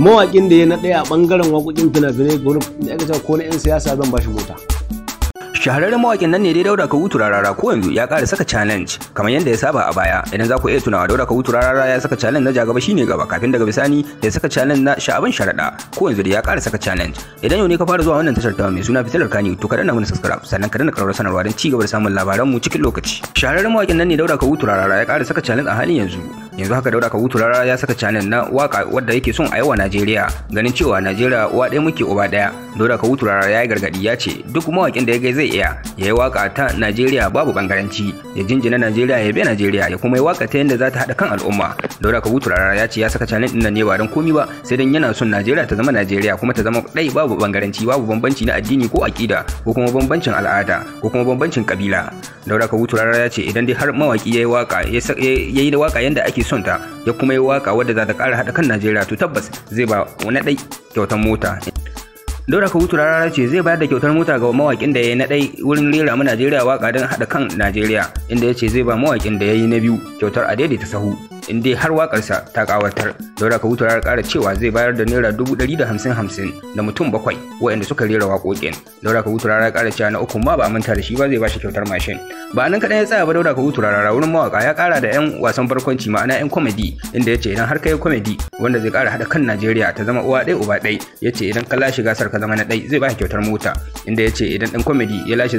mawaƙin da ya na ɗaya a ɓangaren waƙoƙin fina-finai gurup da aka cewa ko na 'yan siyasa zan bashi mota. shahararren mawaƙin nan ne dai dauda kawutu rarara ko yanzu ya ƙara saka challenge kamar yadda ya saba a baya idan za ku iya tunawa dauda hutu rarara ya saka challenge na jagaba shine gaba kafin daga bisani ya saka challenge na sha'aban sharaɗa ko yanzu da ya ƙara saka challenge idan yau ne ka fara zuwa wannan tashar ta mai suna fitilar kani to ka danna mana subscribe sannan ka danna karɓar sanarwa don ci gaba da samun labaran mu cikin lokaci shahararren mawaƙin nan ne dauda kawutu rarara ya ƙara saka challenge a halin yanzu yanzu haka daura ka wutura ya saka channel na waka wadda yake son a yawa najeriya ganin cewa najeriya uwa ɗaya muke uba ɗaya daura ka wutura ya yi gargaɗi ya ce duk mawakin da ya gai zai iya ya yi waka ta najeriya babu bangaranci ya jinjina najeriya ya bi najeriya ya kuma yi waka ta yadda za ta haɗa kan al'umma daura ka wutura ya ce ya saka channel ɗin nan ne ba don komi ba sai dan yana son najeriya ta zama najeriya kuma ta zama ɗai babu bangaranci babu bambanci na addini ko aƙida ko kuma bambancin al'ada ko kuma bambancin kabila daura ka wutura ya ce idan dai har mawaki ya yi waka ya waka yadda ake son ta ya kuma yi waka wadda za ta kara hada kan Najeriya to tabbas zai ba wani dai kyautar mota. Daura Kawutu rarara ce zai bayar da kyautar mota ga mawakin da ya yi na ɗai wurin rera mu Najeriya waka don hada kan Najeriya inda ya ce zai ba mawakin da ya yi na biyu kyautar a ta sahu. in dai har wakarsa ta kawatar daura ka ya kara cewa zai bayar da naira dubu ɗari da hamsin hamsin da mutum bakwai waɗanda suka rera waƙoƙin daura ka ya kara cewa na uku ma ba a manta da shi ba zai bashi kyautar mashin ba nan kaɗan ya tsaya ba daura ka rara wurin mawaka ya kara da 'yan wasan barkwanci ma'ana 'yan komedi inda yace ce idan har kai komedi wanda zai kara hada kan najeriya ta zama uwa ɗaya uba ɗaya, ya ce idan ka lashe gasar ka zama na ɗai zai baka kyautar mota inda ya ce idan ɗan komedi ya lashe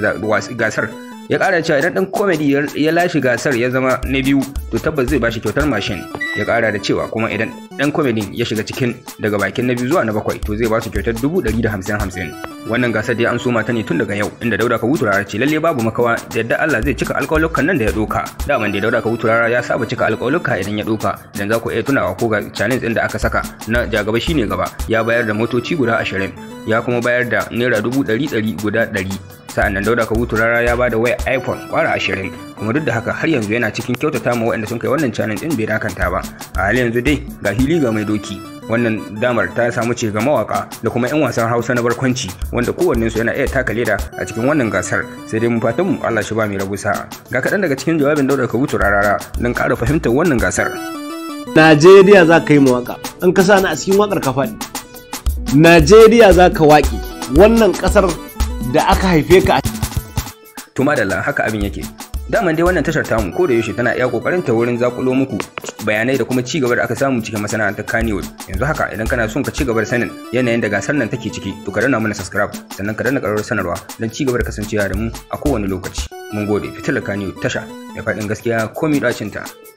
gasar ya kara cewa idan dan komedi ya lashe gasar ya zama na biyu to tabbas zai bashi kyautar mashin ya kara da cewa kuma idan dan komedin ya shiga cikin daga bakin na biyu zuwa na bakwai to zai basu kyautar dubu ɗari da hamsin hamsin wannan gasar dai an soma ta ne tun daga yau inda dauda ka Rara ce lalle babu makawa da yadda Allah zai cika alƙawalukan nan da ya doka daman da dauda ka Rara ya saba cika alƙawaluka idan ya doka idan za ku iya tunawa ko ga challenge din da aka saka na jagaba shine gaba ya bayar da motoci guda ashirin ya kuma bayar da naira dubu ɗari ɗari guda ɗari sa'annan dauda dauda kabutu rara ya bada waya iphone kwara ashirin kuma duk da haka har yanzu yana cikin kyautata ma waɗanda sun kai wannan canin din bai dakanta ba a halin yanzu dai ga hili ga mai doki wannan damar ta samu ce ga mawaka da kuma 'yan wasan hausa na barkwanci wanda kowannensu yana iya taka leda a cikin wannan gasar sai dai mu fatan mu allah shi ba mu rabu sa'a ga kaɗan daga cikin jawabin dauda kabutu rara don ƙara fahimtar wannan gasar najeriya za ka yi mawaka an kasa na a cikin waƙar ka faɗi najeriya za ka waƙi wannan ƙasar da aka haife ka a to madalla haka abin yake daman dai wannan tashar tamu ko da yaushe tana iya kokarin ta wurin zakulo muku bayanai da kuma cigaba da aka samu cikin masana'antar Kanewood. yanzu haka idan kana son ka cigaba da sanin yanayin da gasar nan take ciki to ka danna mana subscribe sannan ka danna karar sanarwa don cigaba da kasancewa da mu a kowane lokaci mun gode fitilar Kanewood tasha mai faɗin gaskiya komi ɗacinta. ta